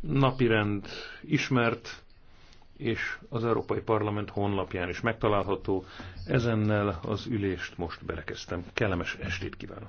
napirend ismert, és az Európai Parlament honlapján is megtalálható. Ezennel az ülést most berekeztem. Kellemes estét kívánok!